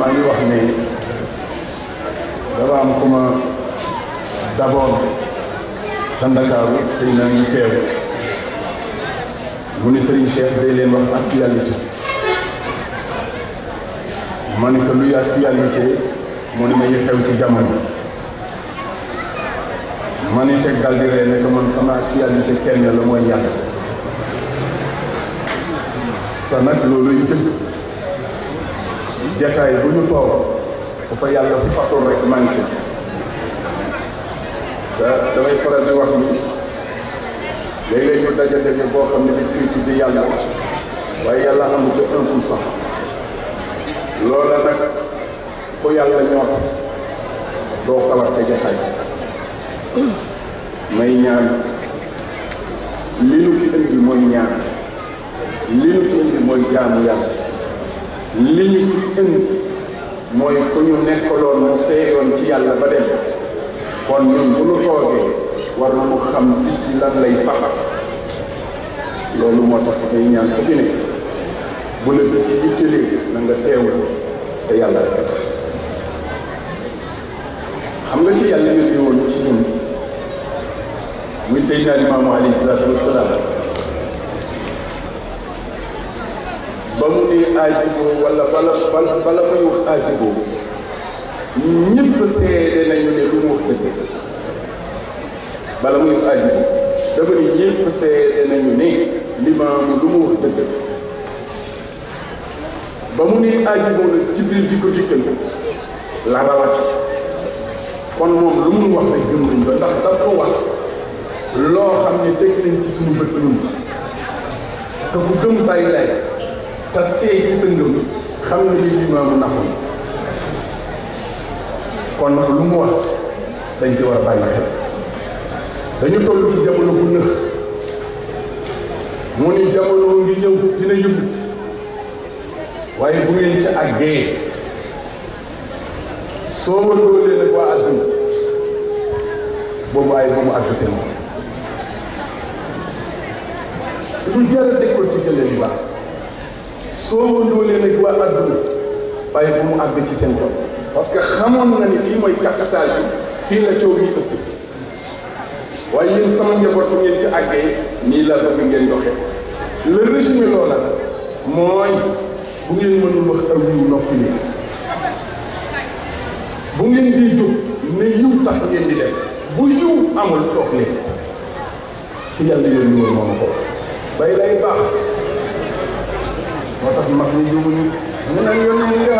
maa ngi wax ne dafa am ku ma daboon ca Ndakaaru sëy na ñu teew mu ne sëriñ Cheikh day leen wax actualité ma ko luy actualité mu ne ma xew ci jamono ma ne teg dal di ree ne ko man sama actualité kenn la mooy yàlla te nag looluy dëgg jataay bu ñu toog bu fa yàlla fatul rek manqué da damay faral di wax ni léeg-léeg ñu daja boo xam ne dañ koy tudd yàlla waaye yàlla xamul ca un pour cent loola nag ku yàlla ñor doo sawar ca jataay may ñaan li nu fi indi mooy ñaan li nu fi mooy jaamu yàlla li ñu fi indi mooy ku ñu nekkaloon mu seeyoon ci yàlla ba dem kon ñun bu ñu toogee war nañu xam bis bi lan lay sax loolu moo tax day ñaan ko fi ne bu la bis bi tëlee na nga teewul te yàlla rek xam nga ci yàlla yónni woon ci ñun muy Seydina Limaamu alayhi salaatu wasalaam aay juddoo wala bala bala bala muy wax aay seede nañu ne lu mu wax dëgg bala muy wax dafa ne ñëpp seede nañu ne limaam lu mu wax dëgg ba mu ne aay juddoo nag Jibril di la rawat kon moom lu mu wax rek gëm ndax daf ko wax loo xam ne teg nañ ci suñu bët ñun te ku gëm bàyyi lay te seey ci sa ngëm xam nga lii limaamu naxul kon nag lu mu wax dañ ci war a bàyyi xel dañu toll ci jamono bu nëx mu ni ngi ñëw dina yëngu waaye bu ngeen ci àggee soo ma doolee nag waa àdduna boobu ay ba mu seen moom lu jar a dëkkal ci jëlee bu baax soo ndóolee nag waa adduna bàyyi ba mu àgg ci seen bopp parce que xamoon na ni fii mooy capital bi fii la coow yi ëpp waaye yéen sama njaboot bu ngeen ci àggee nii la bëgg ngeen doxee le résumé loola mooy bu ngeen mënul wax aw yiw noppi ni bu ngeen di jóg ne yiw tax ngeen di def bu yiw amul toog leen fi yàlla yoon moom moo ma lay baax moo tax mag ñi jubu ñu mu ne yónni nga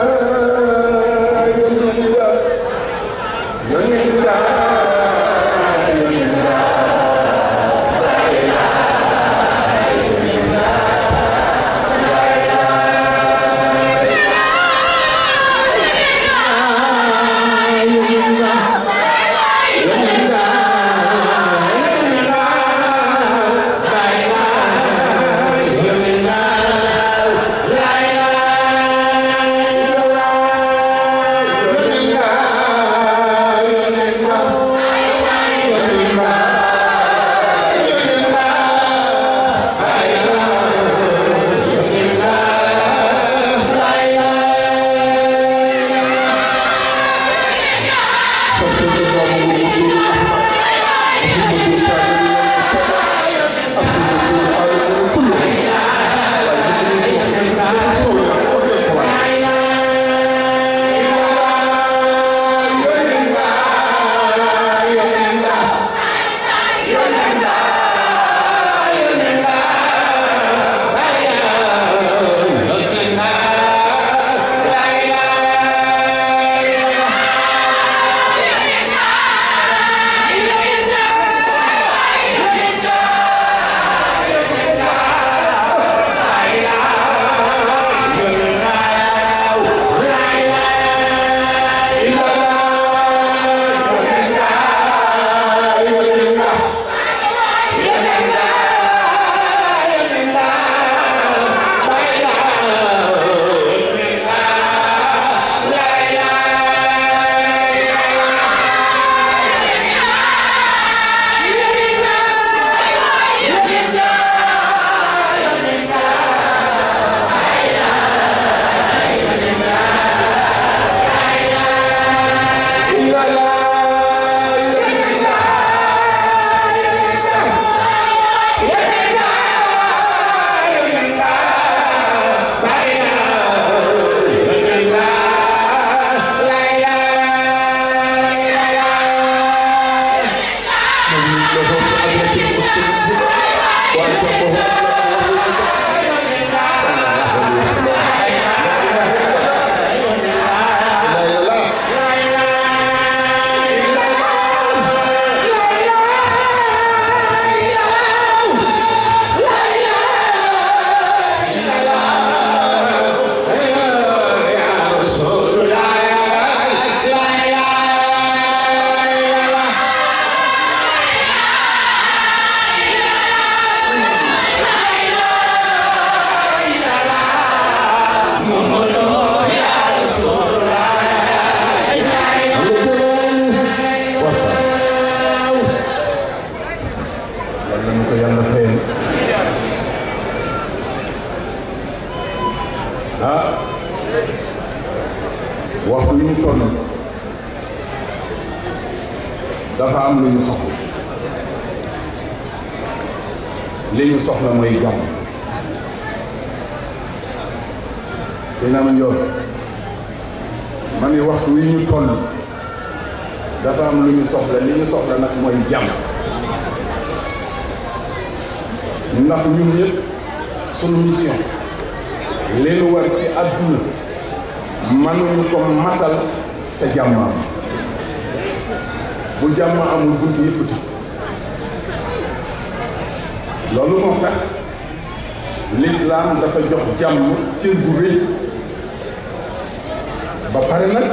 ba pare nag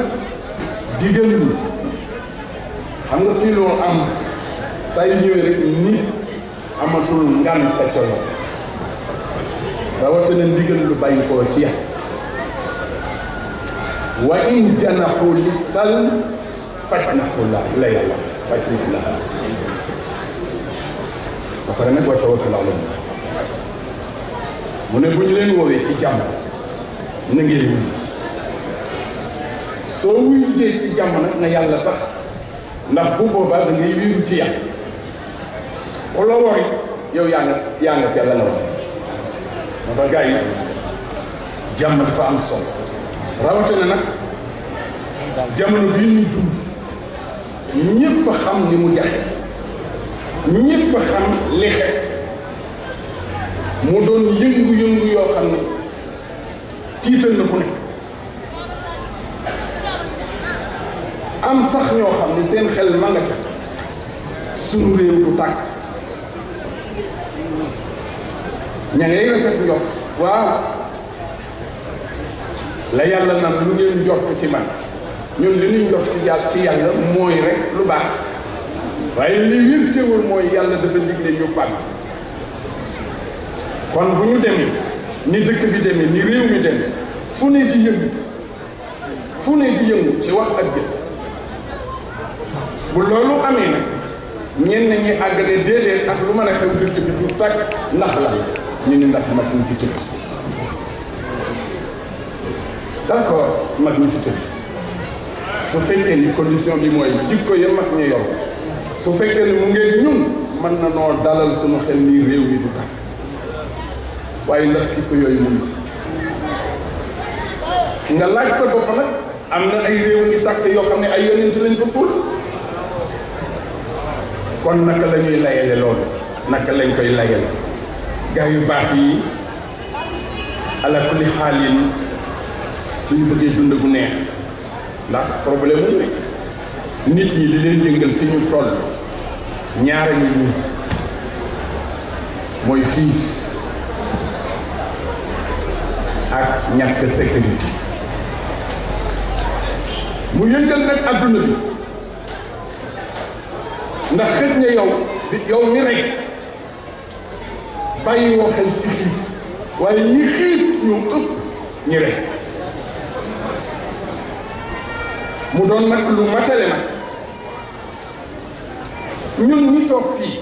digal ñu xam nga fii loo am say ñëwee rek amatul ngan ca la lu bàyyi koo ci yàq wa in janaxu li sal faj naxu la la yàlla faj naxu la ba pare nag wa tawakkal ala mu ne bu ñu leen woowee ci jàmm na ngeen soo wuyu dee ci jàmm nag na yàlla tax ndax bu boobaa da ngay wiiru ci yàq ku la wari yow yaa nga yaa nga ca la nga wax moo tax gars yi am solo rawatina nag jamono bii ñuy dund ñëpp xam ni mu jaxe ñëpp xam li xew mu doon yëngu-yëngu yoo xam ne tiital na ku ne am sax ñoo xam ne seen xel ma nga ca suñu réew du tàkk ña ngay rafet waaw la yàlla nag lu ngeen njort ci man ñun li ñuy njort ci yàlla ci yàlla mooy rek lu baax waaye li wér teewul mooy yàlla dafa digle ñu fànn kon bu ñu demee ni dëkk bi demee ni réew mi demee fu ne di yëngu fu ne yëngu ci wax ak jëf bu loolu amee nag ñenn ñi àggale déedéet ak lu mën a xew dëkk bi du tàkk ndax la ñu ni ndax mag ñu fi tëdd d'accord mag ñu fi tëdd su fekkee ni condition bi mooy jikko ya mag ñu yow su fekkee ni mu ngeen ñun mën na noo dalal suñu xel nii réew mi du tàkk waaye ndax jikko yooyu mun nga laaj sa bopp nag am na ay réew yu tàkk yoo xam ne ay yonent lañ ko fóot kon naka lañuy ñuy layale loolu naka lañ koy layal gaa yu baax yi ala kulli xaalin suñu bëggee dund bu neex ndax problème mu nit ñi di leen yëngal fi ñu toll ñaara ñu ñu mooy xiif ak ñàkk sécurité mu yëngal nag adduna bi ndax xëj na yow yow mi rek bàyyi woo ci xiif waaye ñi xiif ñu ëpp ñi rek mu doon mat lu matale ma ñun ñi toog fii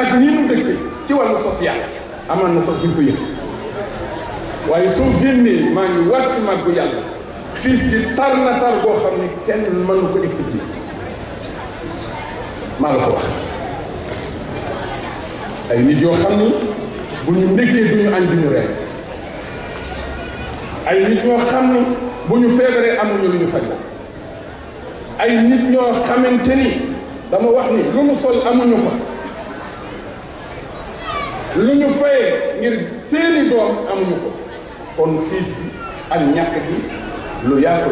ak ñi ñu dëkk ci wàllu social amaan na sax duñ ko yëg waaye soo génnee maa ngi wàcc màggu yàlla xiif gi tar na tar boo xam ne kenn mënu ko expliquer maa la ko wax ay nit yoo xam ni bu ñu ndékkee du ñu añ du ñu reer ay nit ñoo xam ni bu ñu feebaree amuñu lu ñu faj ay nit ñoo xamante ni wax ni lu ñu sol amuñu ko lu ñu fayee ngir seeni doom amuñu ko kon xiif bi ak ñàkk bi lu yaatu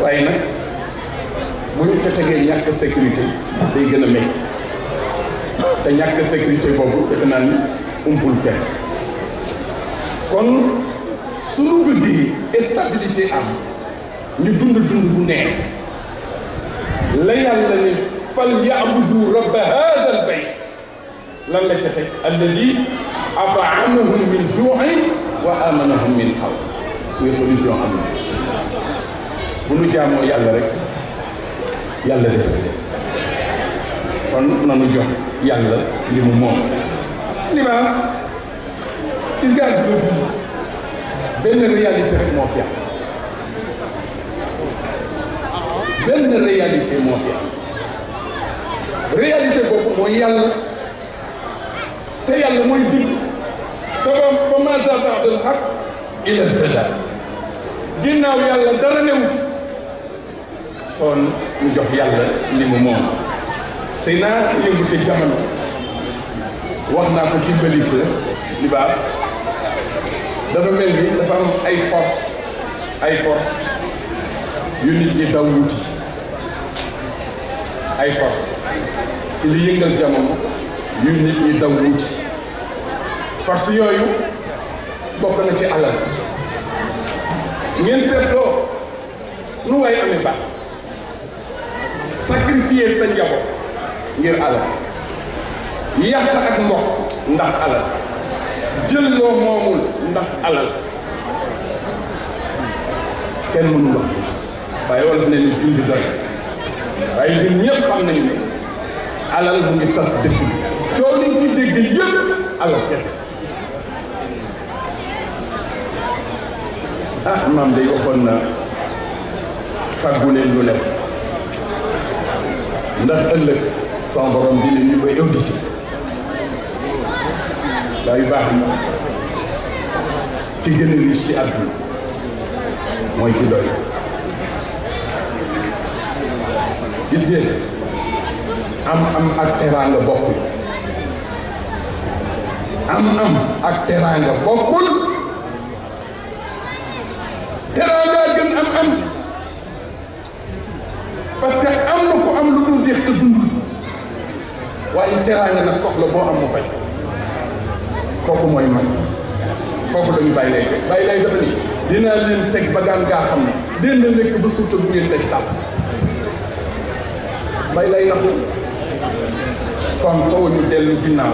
waaye nag bu ñu ko tegee ñàkk sécurité day gën a métti te ñàkk sécurité boobu defe naa ni umpul kenn kon suñu bëgg yi stabilité am ñu dund dund bu neex la yàlla ne fal yaabudu rabba hada al bayt lan la ca teg alladi abaamahum min juuin wa amanahum min xaw muy solution am na bu ñu jaamoo yàlla rek yàlla def kon nanu jox yàlla li mu moom libaas gis nga ak dund benn réalité rek moo fi am benn réalité moo fi am réalité boobu mooy yàlla te yàlla mooy dig te ba fa ma za ba'dal haqq illa dalal ginnaaw yàlla dara newu kon ñu jox yàlla li mu moom sëy naa yëngute jamono wax naa ko ci bëlit li baax dafa mel ni dafa am ay force ay force yu nit ñi daw wuti ay force ci li yëngal jamono yu nit ñi daw wuti force yooyu bokk na ci alal ngeen seetloo nu waaye amee baax sacrifier sa njaboot ngir alal yàq ak mbokk ndax alal jël loo moomul ndax alal kenn mënu wax waaye wolof ne ni junj doy waaye ñun ñëpp xam nañu ne alal mu tas dëkk bi coow li ñu dégg yëpp alal kes ah maam day waxoon na faggu leen lu lekk ndax ëllëg sama borom i ñu koy audité waaye baax na am am ak teraanga bokkul am am ak teraanga bokkul teraanga gën am am njëkk a waaye teraanga nag soxla boo am mu fay kooku mooy man foofu la ñu bàyyi lay teg bàyyi lay dafa ni dinaa leen teg bagaan ngaa xam ne dén lekk ba suuta bu ngeen daj tàpp bàyyi lay naxu kon foofu ñu dellu ginnaaw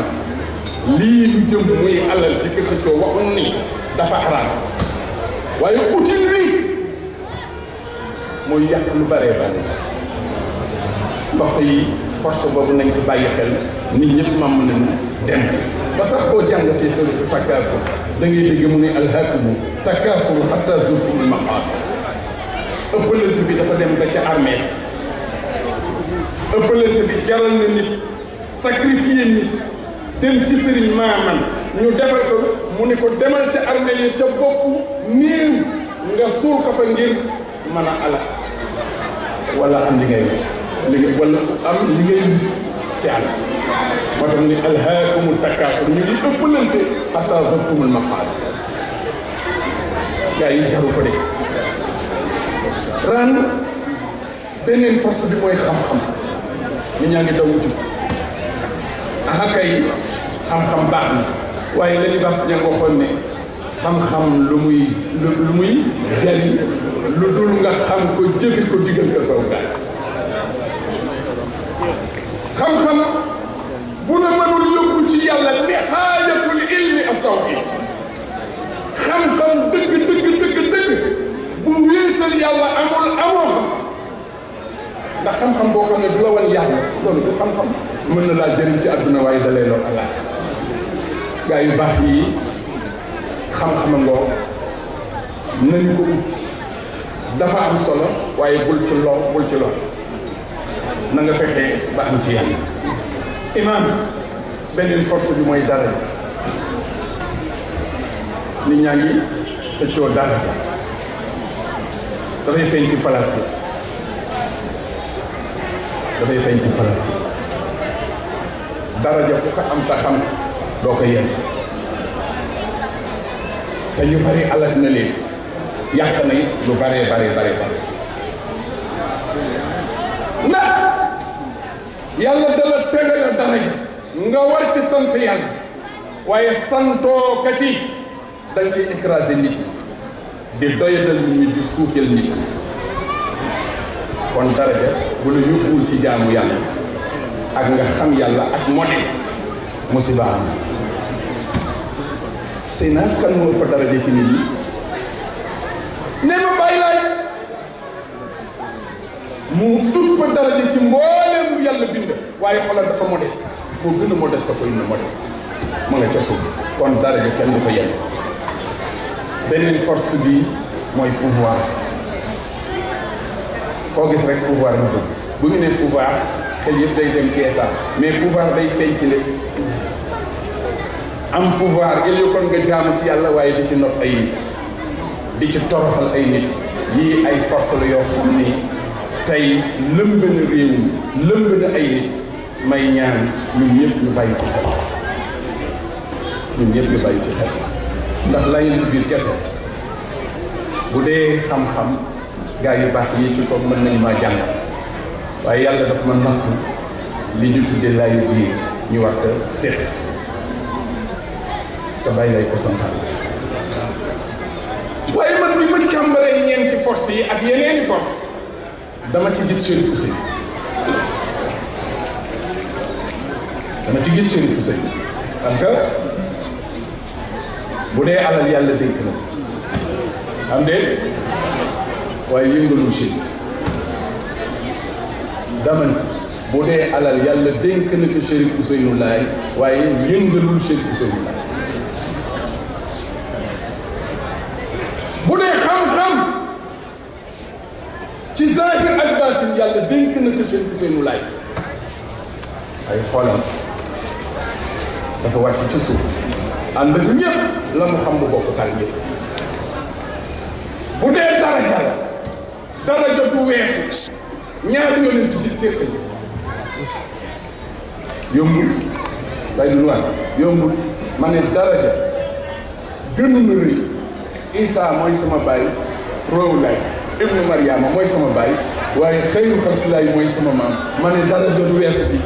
lii ñu jëm muy alal di ko xëccoo waxuñ ni dafa xaraam waaye outil bi mooy yàq lu baree bare topp yi force boobu nañ ci bàyyi xel nit ñëpp màmm nañu dem ba sax koo jàngatee suratu takkaasu da ngay mu ne alhaakumu takkaasu hatta zurtumul maqaab ëppalante bi dafa dem ba ca armée ëppalante bi jaral na nit sacrifier nit dem ci sëriñ maaman ñu defal ko mu ne ko demal ca armée yi ca bopp néew nga suur ko fa ngir mën a ala wala am li ngay léegi wala am liggéey ci àll moo tax ni alhaakumut takaasur ñu ngi ëppalante xataa zurtumul maqaabir gaa yi jaru ko de ren beneen force bi mooy xam-xam nit ñaa ngi daw wuti xam-xam baax na waaye lañu bas ña nga waxoon ne xam-xam lu muy lu muy jariñ lu dul nga xam ko jëfe ko digal ko saw xam-xam bu la mënul yóbbu ci yàlla ni xaajatul ilmi ak tawhid xam-xam dëgg dëgg dëgg dëgg bu wéetal yàlla amul amoo xam ndax xam-xam boo xam ne du la wan yàlla xam-xam mën na laa jëriñ ci àdduna waaye dalee loo allah gaa yu baax yi xam-xamam loo nañu ko ut dafa am solo waaye bul ci loo bul ci loo na nga fekkee ba am ci yàlla imaam beneen force bi mooy dara nit ñaa ngi xëccoo ci place yi dafay feeñ ci ku ko am ta xam doo ko yem bari alal na leen yàq na lu baree baree baree bare na yàlla dala tëgg la nga war ci sant yàlla waaye santoo ka ci dañ ci écraser nit di doyadal nit ñi di suufeel nit kon daraja bu la yóbbuwul ci jaamu yàlla ak nga xam yàlla ak modeste musiba am sëy naa kan moo ëpp daraja ci nit ñi ne ma bàyyi laaj mu ëpp daraja ci mboo waaye xoolal dafa modeste moo gën a modeste ko indi modeste ma nga ca suuf kon daraja kenn ko yenn beneen force bi mooy pouvoir koo gis rek pouvoir bi bëgg bu ñu nee pouvoir xel yëpp day dem ci mais pouvoir day feeñ am pouvoir il kon nga yàlla waaye di ci not ay nit di ci toroxal ay nit yii ay force la yoo xam ni tey lëmb na réew mi lëmb na ay nit may ñaan ñun ñëpp ñu bàyyi ci xel ñun ñëpp ñu bàyyi ci xel ndax la ñu biir kese bu dee xam-xam gaa yu baax yi ci ko mën nañu ma jàngal waaye yàlla dafa ma naxtu li ñu tuddee laayu biir ñu war ko seet te bàyyi lay ko santaan waaye man bi ma càmbaree ñeenti force yi ak yeneeni force dama ci gis seen aussi dama ci gis Serigne Ousseynou parce que bu dee alal yàlla dénk na am déet waaye yëngalul Chérif dama ne bu dee alal yàlla dénk na ko Chérif Ousseynou Laye waaye yëngalul Chérif Ousseynou Laye bu dee xam-xam ci zahir ak baatin yàlla dénk na ko dafa wàcc ci suuf ànd la mu xam mu bokk kan bu dee daraja la daraja bu weesu ñaari yonent ci séq yi yombul day lu wan yombul ma ne daraja gënuma rëy mooy sama baay roowu laay Mariama mooy sama baay waaye xëyru xalqilaay mooy sama maam ma ne daraja du weesu bi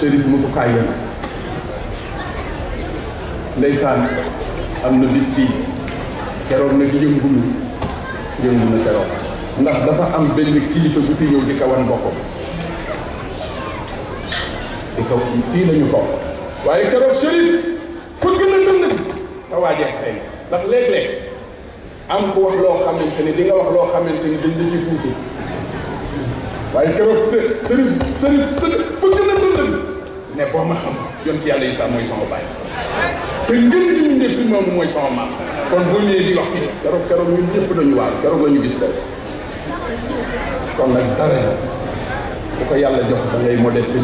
Chérif musukaay yam ndeysaan am na bis si keroog nag yëngu na yëngu na keroog ndax dafa am benn kilifa bu fi ñëw di ko wan boppam ko fii lañu bokk waaye keroog Chérif fëgg na dënn te waajee tey ndax nga wax loo ne boo ma xam yonent yàlla Isaa mooy sama baay te ngeen li ñu def moom mooy sama maam kon boo ñëwee di wax keroog keroog ñun ñëpp dañu waar keroog la ñu gis tey kon yàlla jox da ngay modeste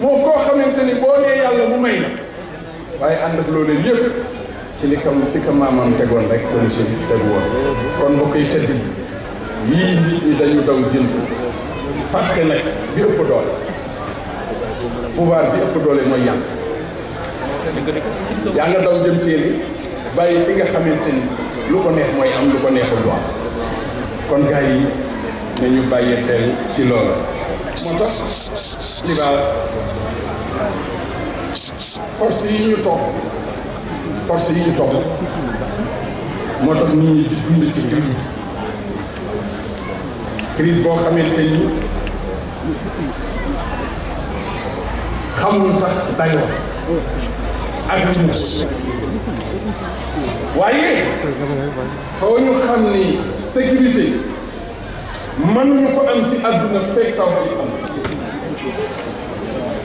moo koo ni boo nee waaye ànd ak loolu li kam fi ka rek tëdd yii nit dañu daw jënd fàtte nag bi ëpp doole pouvoir bi ëpp doole mooy yàlla yaa nga daw jëm téeli bàyyi bi nga xamante ni lu ko neex mooy am lu ko neexul du am kon gars yi nañu bàyyi xel ci loolu moo tax force yi ñu topp force yi ñu topp moo tax nit ñi di dund crise boo xamante ni xamul sax dayoo ak muus waaye foo ñu xam ni sécurité mënuñu ko am ci àdduna fekk taw bi am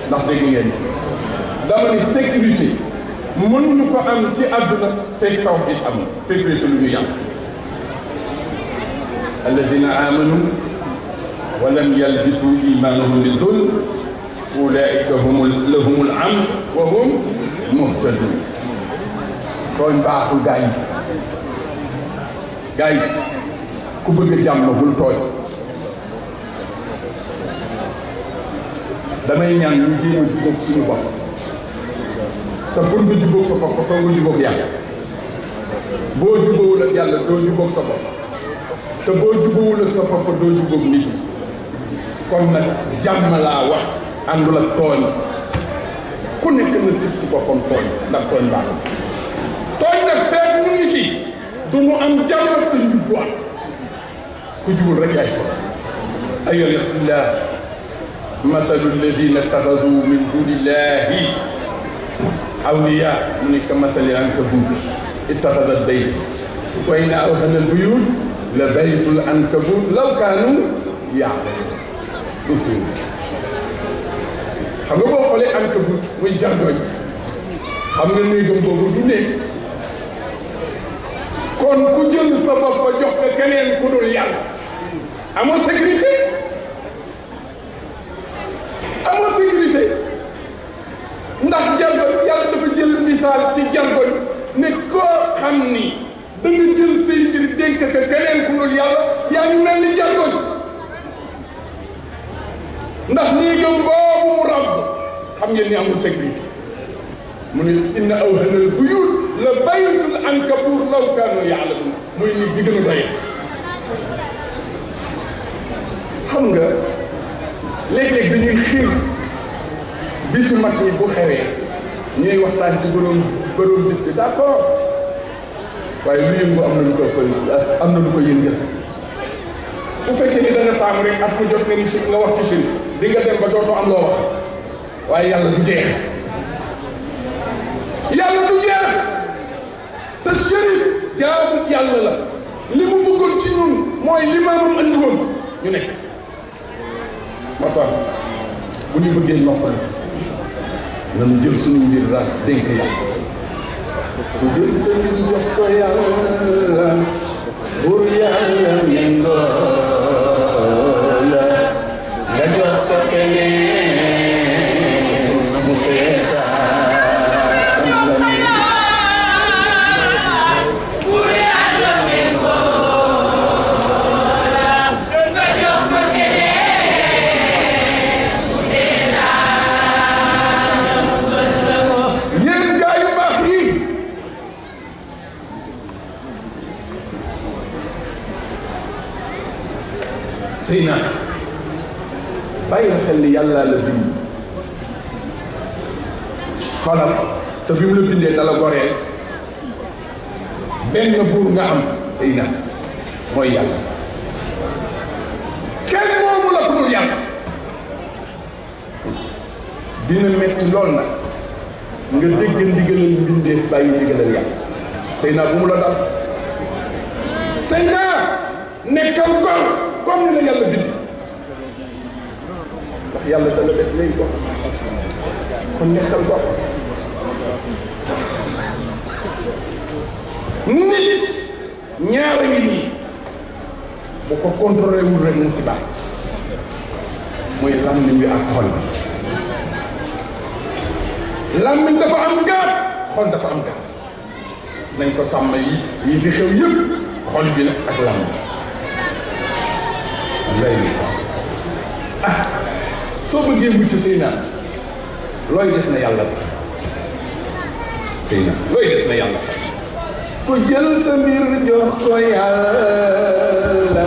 ndax dégg ngeen dama ni sécurité mënuñu ko am ci àdduna fekk taw bi am sécurité lu ñu yàq الذين آمنوا ولم يلبسوا إيمانهم بالظلم أولئك هم لهم الأمن وهم مهتدون tooñ baaxul gars yi gars yi ku bëgg jàmm la bul tooñ damay ñaan ñu jéem a jubóog suñu bopp te pour nga jubóog sa bopp foog nga jubóog yàlla boo jubóowul ak yàlla doo jubóog sa bopp te boo jubawul ak sa papa doo jubóog nit ñi kon nag jàmm laa wax àndul ak tooñ ku nekk na sit ci boppam tooñ ndax tooñ baax tooñ nag feet mu ngi ci du mu am jàmm te njub du am ku jubul rek ay ko ayol yaxfillah masalu alladina taxadu min dunillahi awliya mu ni ka masali ankabut ittaxadat bayt wa inna awhana albuyut la baytul ankabut law kaanu ya'lamuun xam nga boo xoolee ankabut muy jardooñ xam nga néegam boobu du néeg kon ba jox ko keneen ku dul yàlla amoo sécurité amoo sécurité ndax jardooñ yàlla dafa jël misaal ci jardooñ ne koo xam ni dénk ka keneen ku dul yàlla yaa ngi mel ni jargoñ ndax nii gëm boobu mu rab xam ngeen ni amul sécurité mu ne inna awhanal buyut la baytul ankabur law kaanu yaalamun muy nit bi gën a doy xam nga léeg-léeg dañuy xiir bisu mag yi bu xewee ñuy waxtaan ci borom borom bis bi d'accord waaye lu yëngu am na lu ko koy am na lu ko yëngal nga taamu rek at ko jot ni nga wax ci si di nga dem ba dootoo am loo wax waaye yàlla du jeex yàlla du jeex te sëriñ jaamu yàlla li mu bëggoon ci ñun mooy li maamam andi woon ñu nekk moo tax bu ñu bëggee noppal nan jël suñu mbir daal dénk yàlla Gülsün yok dayanır Bu rüyaya mingar sëy naa bàyyi xel ni yàlla la bind xoolal te bi mu la bindee dala goree benn buur nga am sëy mooy yàlla kenn moomu la ku dul yàlla dina metti lool nag nga dégg ndigalal mbindeef bàyyi ndigalal yàlla sëy bu mu la dal sëy nekkal gor comme ni la yàlla bind ndax yàlla dana def nekkal dox nit ñaara ngi nii bu ko contrôlé wul rek musiba mooy làmmiñ bi ak xol bi làmmiñ dafa am gaaf xol dafa am gaaf nañ ko sàmm yi yi fi xew yëpp xol bi nag ak làmmiñ lay gis ah soo bëggee mucc sëy naan looy def na yàlla na yàlla ku jël sa mbir jox ko yàlla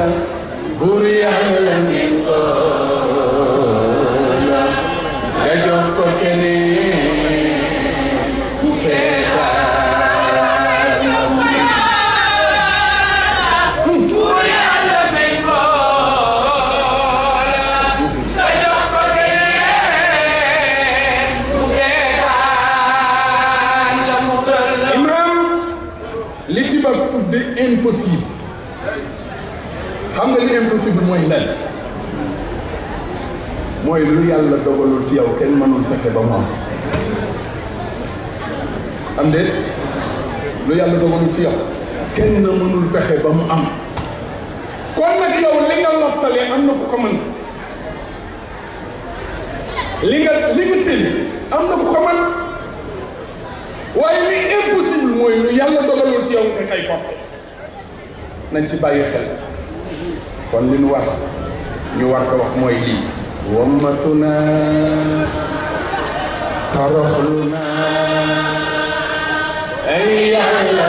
buur yàlla ni ko la nga jox ko keneen impossible xam nga li impossible mooy lan mooy lu yàlla dogalul ci yow kenn mënul fexe ba mu am am de lu yàlla dogalul ci yow kenn mënul fexe ba mu am kon nag li nga loftale am na ku ko mën li nga li nga tëj am na ku ko mën waaye li impossible mooy lu yàlla dogalul ci yow nga kay bopp nañ ci bàyyi xel kon li ñu war ñu war ko wax mooy lii wammatuna toroxlu na ay yàlla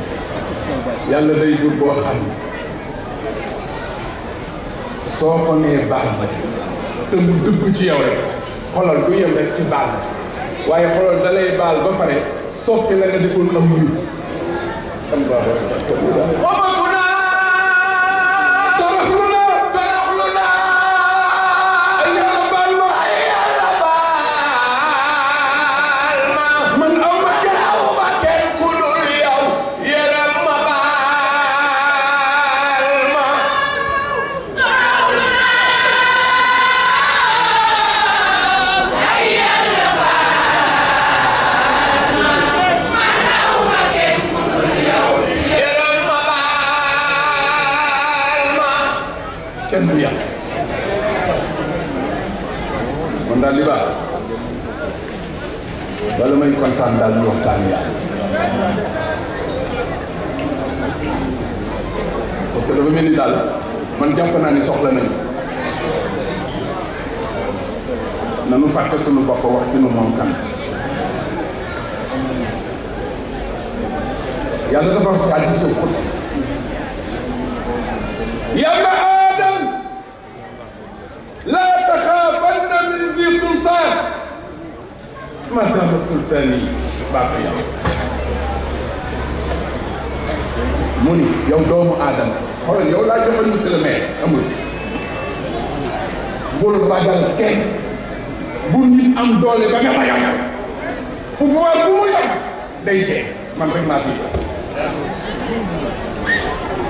yàlla day jur boo xam ne soo ko nee baax na te mu dugg ci yow rek xolal du yem rek ci baal la waaye xolal da lay baal ba pare soppi la nga defoon am yu. damay kontaan daal ñu waxtaan yàlla parce que dafa mel ni daal man jàpp naa ni soxla nañu nanu fàtte suñu bopp wax ci nu moom kan yàlla dafa wax ci àddisa xut yàlla madame Sultani Bakhia mu ni yow doomu aadama xoolal yow laa joxoon monsieur le maire amul bul ragal kenn bu nit am doole ba nga ragal pouvoir bu mu yor day dee man rek maa fi des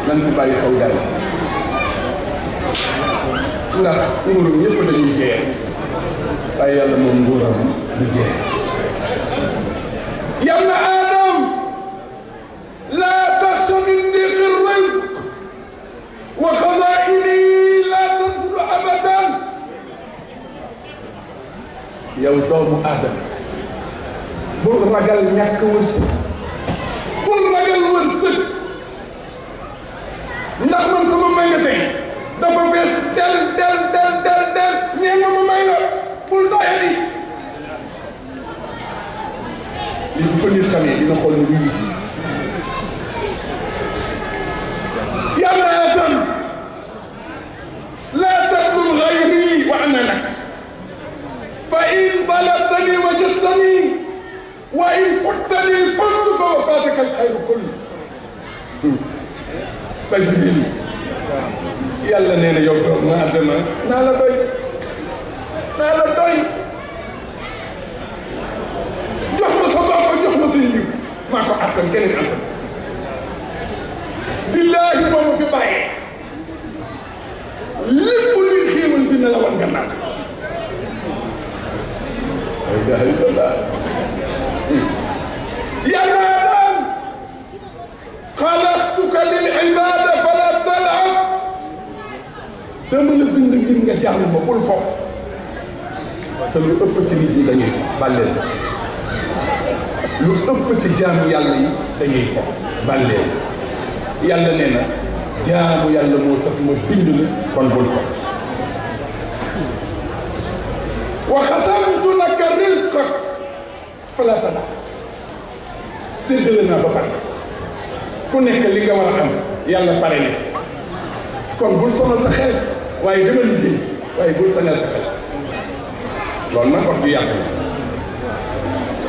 lan fi bàyyi xaw daal ndax nguuram ñëpp dañuy jeex waaye yàlla moom nguuram du jeex in the que li nga war a am yàlla pare na kon bul sonal sa xel waaye demal liggéey waaye bul sonal sa xel loolu nag wax du yàq la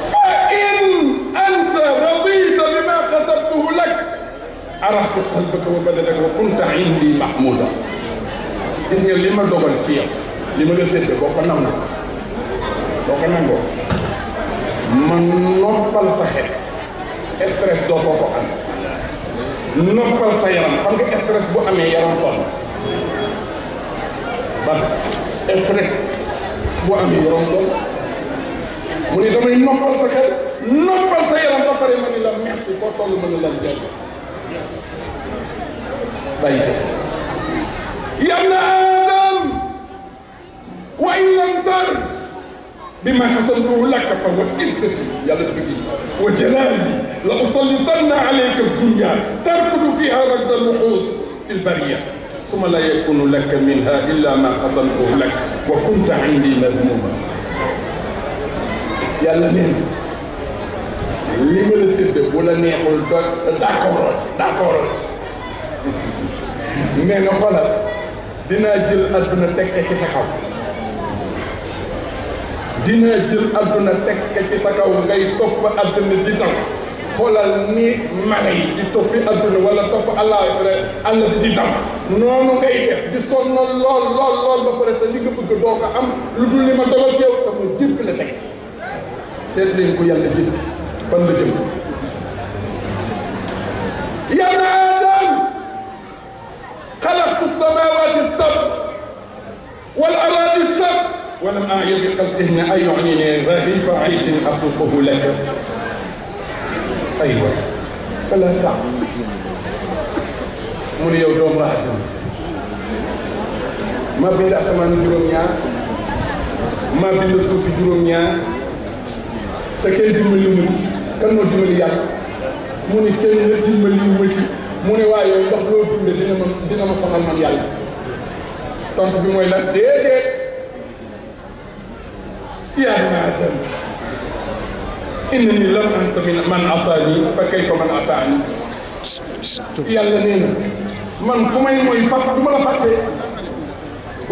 fa in anta radita bima qasabtuhu lak araftu qalbaka wa badanaka wa kunta indi mahmuda gis nga li ma dogal ci yow li ma la sédde boo ko nangu boo ko nangoo ma noppal sa xel stress doo ko ko am noppal sa yaram xam nga stress bu amee yaram sonn ba stress bu amee yaram sonn mu ne damay noppal sa xel noppal sa yaram ba pare ma ne la merci boo toll ma ne la jàll bàyyi ko yam na aadam wa in lam tar بما حسبته لك فهو عزتي يا لطفي وجلالي لأسلطن عليك الدنيا تركض فيها ركض النحوس في البرية ثم لا يكون لك منها إلا ما حصلته لك وكنت عندي مذموما يا نين li nga ولا sédd bu la neexul do d'accord d'accord mais nga xoolal dinaa jël àdduna teg ka ci sa kaw ngay topp àdduna di daw xoolal ni mala yi di toppi àdduna wala topp àllaaxira àll bi di daw noonu ngay di sonn lool lool lool ba pare te li nga bëgg doo lu dul ma dogal ci yow te mu jëpp la teg seet leen ko yàlla jëpp fan la jëm أعيد قلبهن أي عين غادي فعيش أسوقه لك أيوة فلا تعمل mu ne yow doomu aadama ma bind asamaan juróom-ñaar ma bind suuf bi juróom-ñaar te kenn dimbali wu kan moo dimbali yàlla mu ne kenn nga dimbali wu ci mu ne waaye yow ndox loo dundee dina ma dina ma sonal man yàlla tontu bi mooy lan dee يا ابن آدم إنني لم أنس من من عصاني فكيف من أطاعني yàlla nee na man ku mooy fàtt du la fàtte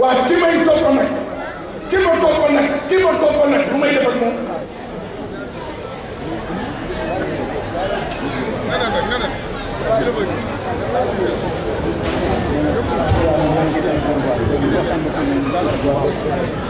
waa ki may topp nag ki ma topp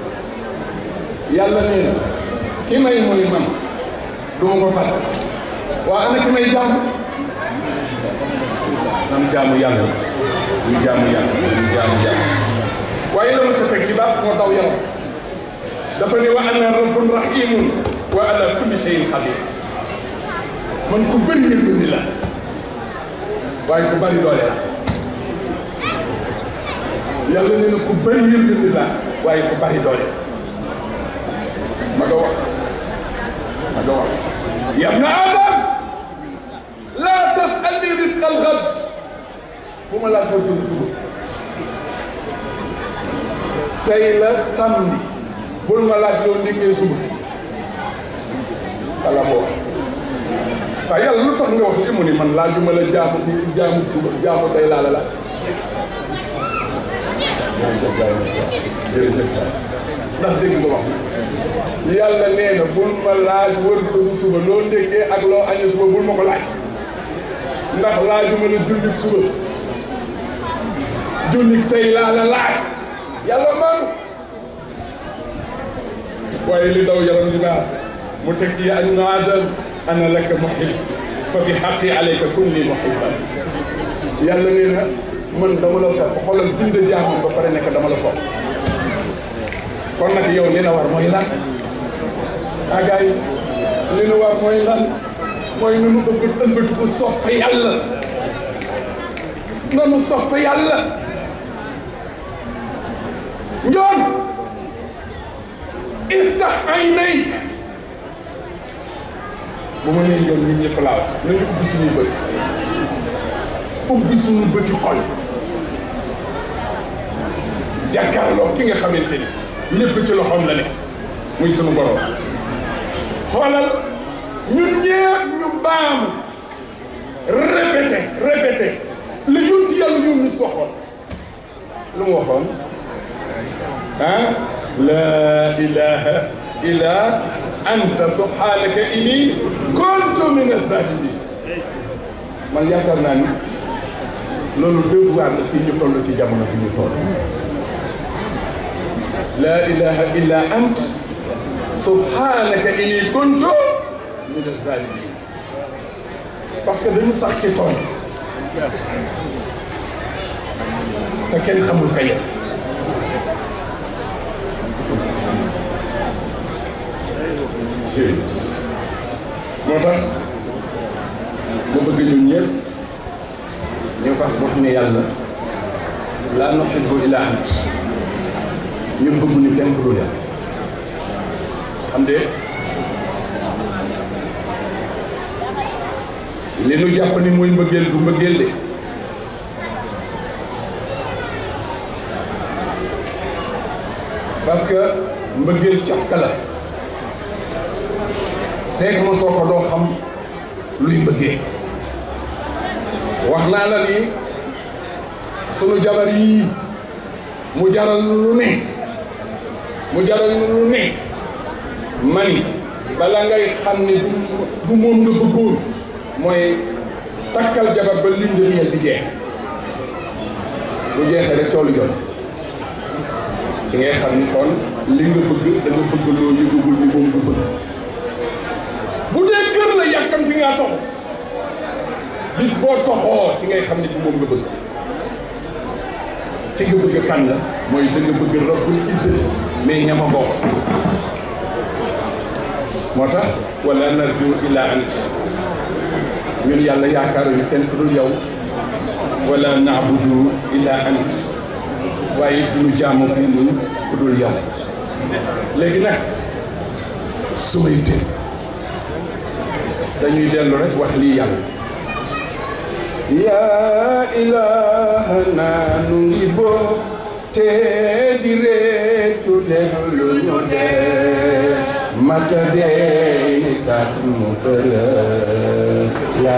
yalla neena ki may moy man duma ko fat wa ana ki may jam nam jamu yalla ni jamu yalla ni jamu yalla way la ma tek ci baax ko daw yalla dafa ni wa ana rabbun rahim wa ala kulli shay'in qadir man ku bari ni ko ni la way ku bari doole la yalla ni ku bari ni ko ni la way ku bari doole ما دور ما دور يا ابن آدم لا تسألني رزق الغد هما لا تقول سنة سنة tey la samedi bul ma laaj loolu liggéey suba wala boo waaye lu tax nga wax li mu ne man laajuma la jaamu jaamu jaamu tey laa la laaj ndax dégg nga wax yàlla nee na bul ma laaj wërsëgu suba loo déggee ak loo añee suba bul ma ko laaj ndax laajuma la jullit suba jullit tey laa la laaj yàlla man waaye li daw yaram di naas mu teg ci yaa naadal ana laka muhib fa bi xaqi alayka kun li muhibban yàlla nee na man dama la sopp xoolal bind jaaxam ba pare nekk dama la sopp kon nag yow li la war mooy lan agaay ah, li nu war mooy lan mooy nu nu bëgg ëmbët bu sopp yàlla nanu sopp yàlla njoon iftax ay nay bu suñu bët ubbi suñu bëti xol jàkkaarloo ki nga xamante ni lépp ci loxoom la ne muy sunu borom xoolal ñun ñëpp ñu baam répété répété li ñun ci yàlla ñun ñu waxoon lu mu waxoon ah laa ilaha illa anta subhanaka inni kuntu min az-zalimin man yaakaar naa ni loolu dëgg waar la fii ñu toll ci jamono fi ñu toll لا إله إلا أنت سبحانك إني كنت من الظالمين parce que dañu sax ci tooñ te kenn xamul ka yem si moo tax mu bëgg ñun ñëpp ñu fas wax ne yàlla laa nuxibu ilaa ant ñu bëgg ni kenn ku dul yàlla xam dee li nu jàpp ni muy mbëggeel du mbëggeel de parce que mbëggeel càkk la fekk ma soo ko doo xam luy mbëggee wax naa la ni sunu jabar yi mu jaral lu ne mu jaral lu ne mani bala ngay xam ne du du moom nga bëggoon mooy takkal jabar ba lim dëneel bi jeex bu jeexee rek toolu jot ci ngay xam ni kon li nga bëgg da nga bëgg loo yëgagul moom du bëgg bu dee kër la yàkkam fi ngaa toxu bis boo toxoo ci ngay xam ni bu moom nga bëgg ki nga bëgg kan la mooy da nga bëgg rabbul izzati mais ñama bokk moo tax wala narju illa ant ñun yàlla yaakaaruñu kenn ku dul yow wala naabudu illa ant waaye duñu jaamu kenn ku dul yow léegi nag sumay té dañuy dellu rek wax lii yàlla yaa ilaahana nu ngi te dire tu leen lu ñu dee mata dee ni tax mu la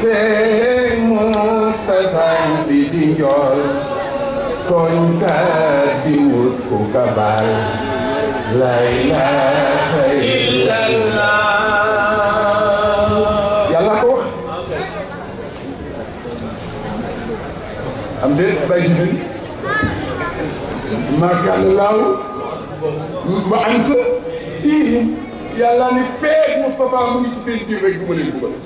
feeg Mustafa fi di njool tooñkat di wut ku kabal la ilaha illallah yàlla ko am déet bay jibin makan laaw ba ant ni feeg Mustafa mu ngi ci seen biir rek du ma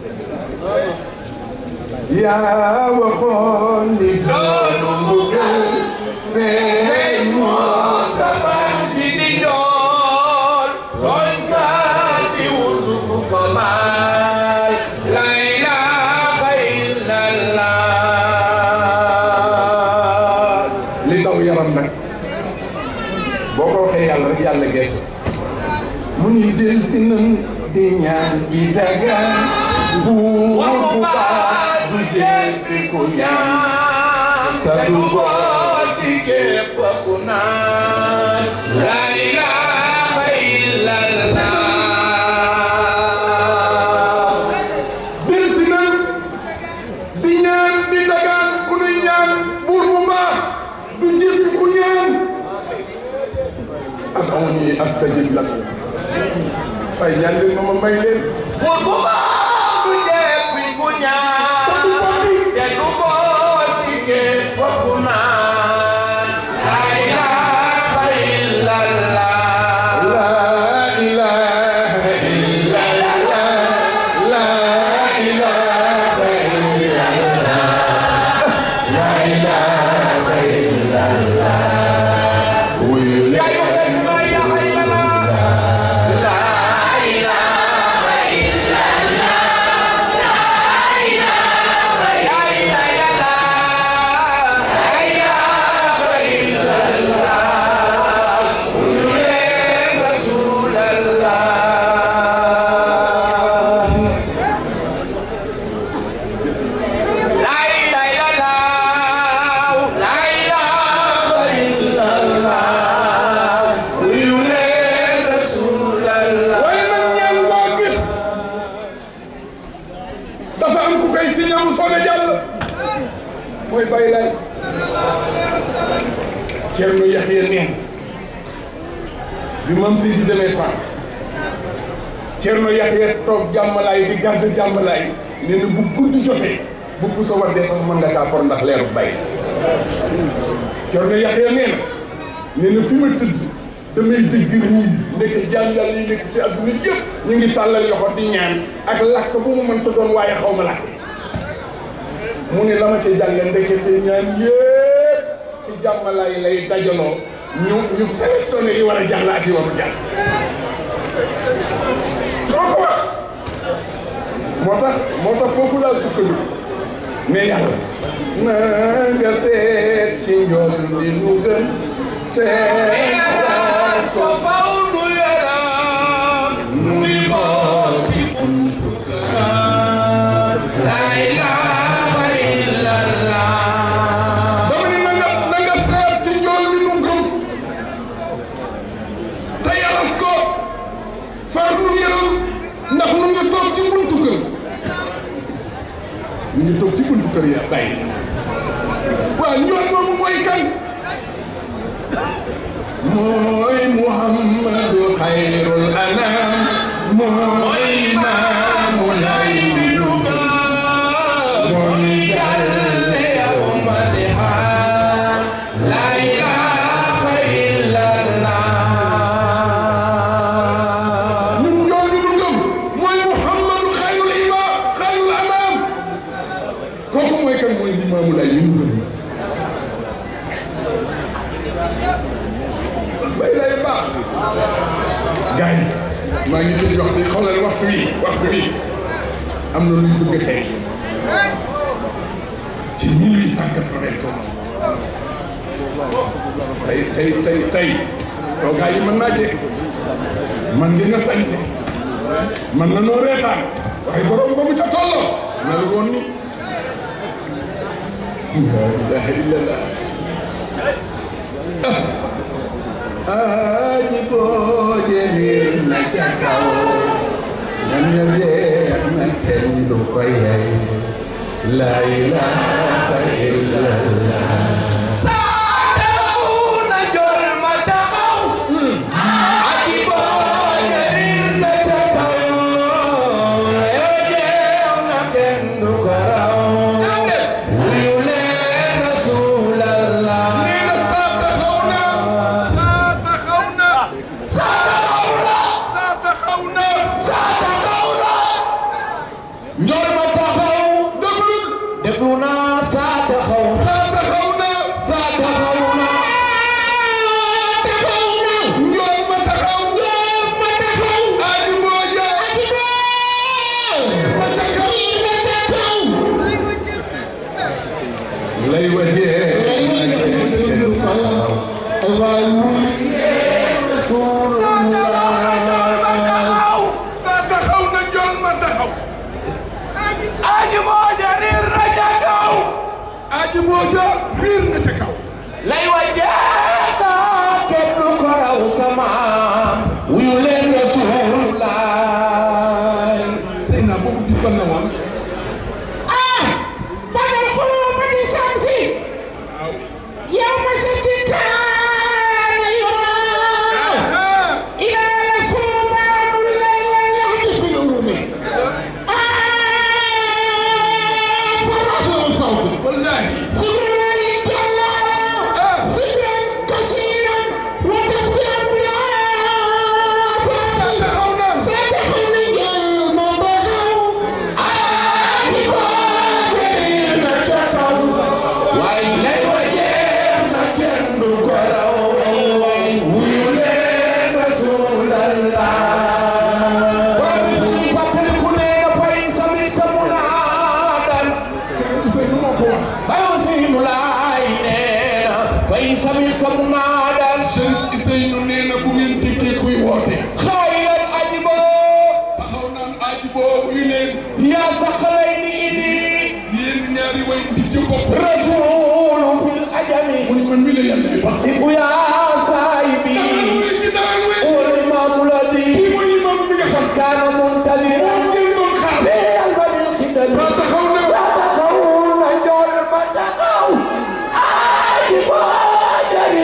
يا وخوني كانوا في مصطفى في ديار رنكاتي وضوء كمال لا إله إلا الله li daw yaram nag boo ko waxee yàlla mu ni del si nan di ñaan di buuruba bu jéppi ku ñaan te du booti képp ku naan la ilaha illallah bis nag di ñaan di dagaan ku nuy ñaan buur bu baax du jéppi ku ñaan ad oni astajib lak fay ñaan leen ma may leen gadd jàmbalaay ne na bu gudd joxe bu ko sa war sax mën nga kaa for ndax leeru bay cor na yaxya nee na ne na fi ma tudd damay dégg ñii nekk jàngal yi nekk ci adduna yëpp ñu ngi tàllal loxo di ñaan ak lakk bu mu mënta doon waaye xaw ma mu ne la ma ca jàngal ndekkete ñaan yëpp ci jàmbalaay lay dajaloo ñu ñu sélectionné yi war a ak yi waru moo tax moo tax foofu laa sukkandiku mais yàlla na nga seet ci ñoom li nu يا ثقلين إلي رسول في الأجل فاقصد يا صاحبي هو الإمام الذي كان منتظرا في البر القدس ستكون عندهم فتقوا آدم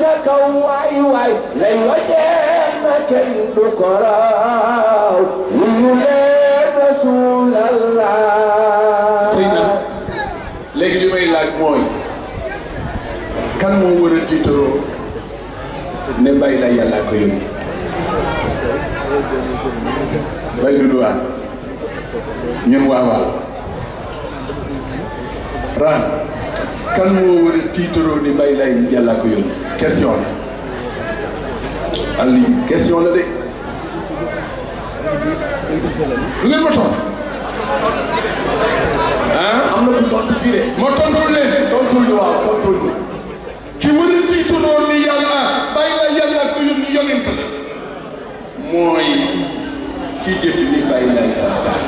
تكوا أيوة ليوجهن كيد قراو waaye yàlla ko yóbbu bay duduwaa ñun waa waaw ran kan moo war a tiitaroo ni bay lay yàlla ko yóbbu question la alli question la de du ngeen ma tontu am na ku tontu fii de ma tontu leen tontu waaw ki war a ni yàlla bay yonent la mooy kii jëf ni bàyyi laay sax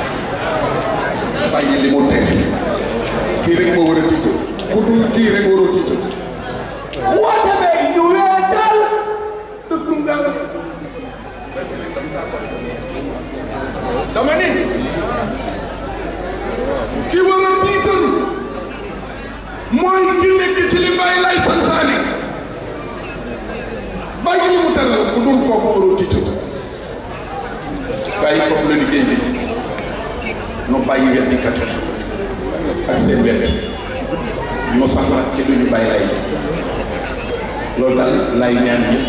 bàyyi li mu teg kii moo war a ku dul kii rek waroo tiito woote bee ñu weetal dëggum ngal dama ni ki war a mooy ki nekk ci li bàyyi laay santaane koo ci mu tànnal ku dul kooku waroo tiitoo bàyyi foofu la liggéey bi nu bàyyi weddikat yi ak seen wedd nu sax nag ci duñu bàyyi lay loolu daal lay ñaan ñëpp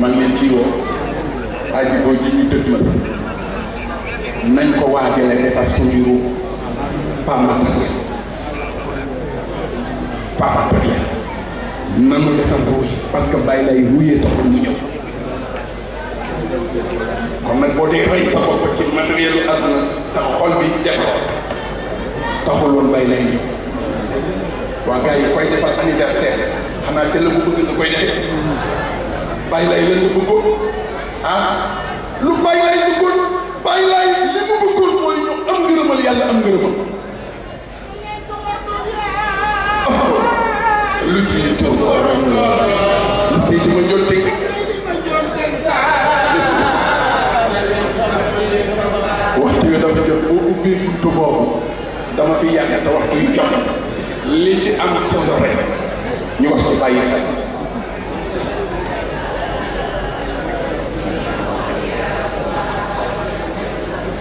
man leen ci boo ji ñu dëgg nañ ko waajale defar suñu pamata pamata na ma defal parce que bàyyi lay wuyee taxul mu ñëw kon nag boo dee rey sa bopp ci matériel yu àdduna tax xol bi defal taxul woon bàyyi lay waa gars yi koy defal anniversaire xanaa ca la mu bëgg nga koy defee bàyyi lay lan nga bëggoon ah, lu bàyyi lay bëggoon bàyyi lay li mu bëggoon mooy ñu am ngërëmal yàlla am ngërëmal lu jiitu borom la si di ma njool teg waxtu wi dafa jot boo ubbee buntu boobu dama fi yàgg te waxtu yi jot li ci am solo rek ñu wax ci bàyyi xel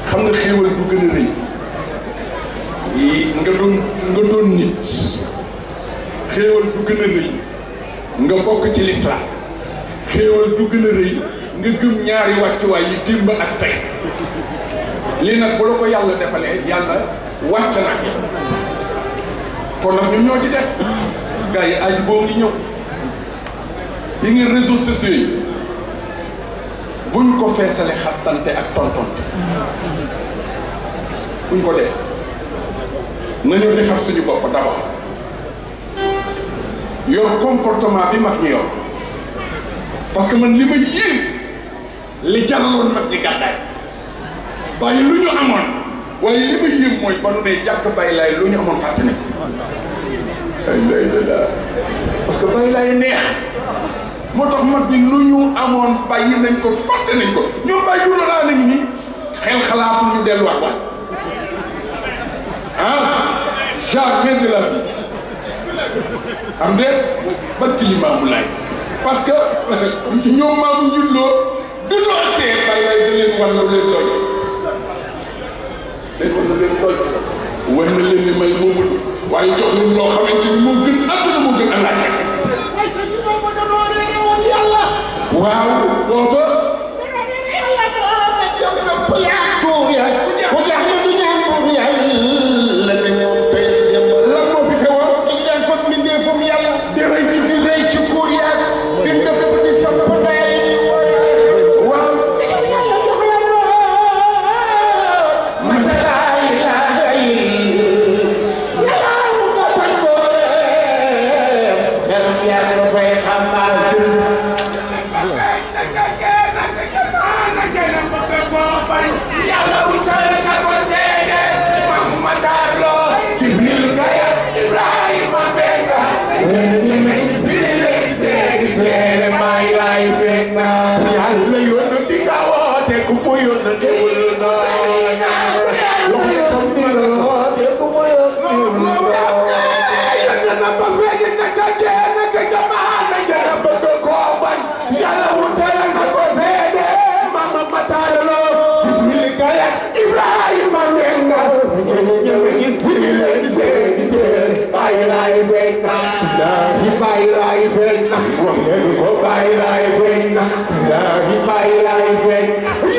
xam nga xéewal bu gën a rëy gën a rëy nga bokk ci lislaam xéewal du gën rëy nga gëm ñaari wàccuwaay yi dimb ak tey lii nag bu la ko yàlla defalee yàlla wàcc na kon nag ñun ñoo ci des gars yi aaj boo ngi ñëw yi ngi réseaux sociaux yi buñ ko feesale xastante ak tontonte buñ ko def nañu defar suñu bopp d'abord yor comportement bi mag ñi yor parce que man li ma yéeg li jaraloon mag ñi gàddaay bàyyi lu ñu amoon waaye li ma mooy ba nu ne jàkk bàyyi laay lu ñu amoon fàtte nañ alhamdulilah parce que bàyyi laay neex moo tax mag ñi lu ñu amoon bàyyi nañ ko fàtte nañ ko ah, la vie am déet barki Limaamu Laay parce que ñoom maa mu jubloo du ñu see bay bay da leen war na leen toj dañ war na leen toj war na leen ni may moomul waaye jox leen loo xamante ni moo gën àdduna moo gën àllaaxira waaw my life when, whatever my life when, love my life when.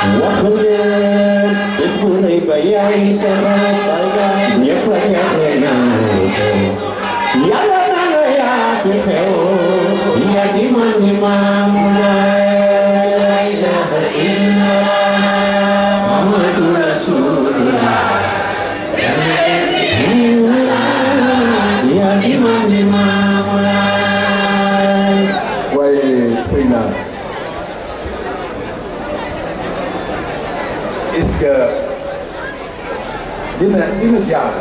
وخلق اسمي بيعي تغطى نفر يا يا لا لا يا تخيو يا ديما ديما que dina dina jaar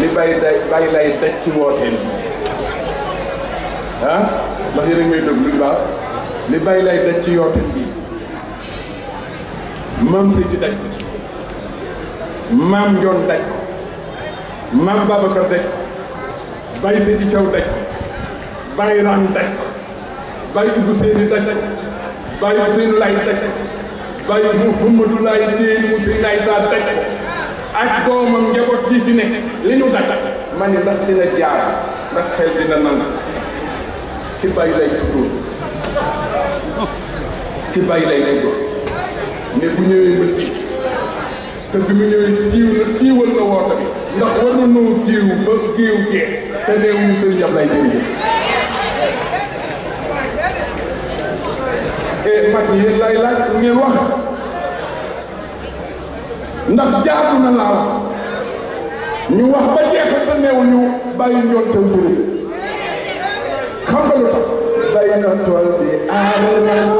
li bay day bay lay daj ci wooteen bi ah ndax yéen a ngi may déglu li bay lay daj ci yooteen bi maam si daj maam Njoon daj maam Babacar daj bay si caw daj bay ran daj bay Ibou Seyni daj bay Ousseynou Lay daj bay Mouhamadou Laye Sène mu si nday saa daj ko ak doomam njaboot gi fi ne li ñu daj ma ne ndax dina jaar ndax xel dina nangu ki bay lay tuddoon ki bay lay tuddoon ne bu ñëwee ba si mu ñëwee siiw na siiwal na woote bi ndax war na géew ba géew gee te réew mu sëriñ Ablaye jërëjëf eh mag yéen lay ñu wax ba jeexal ba néew ñu bàyyi ñoom te mbir xam nga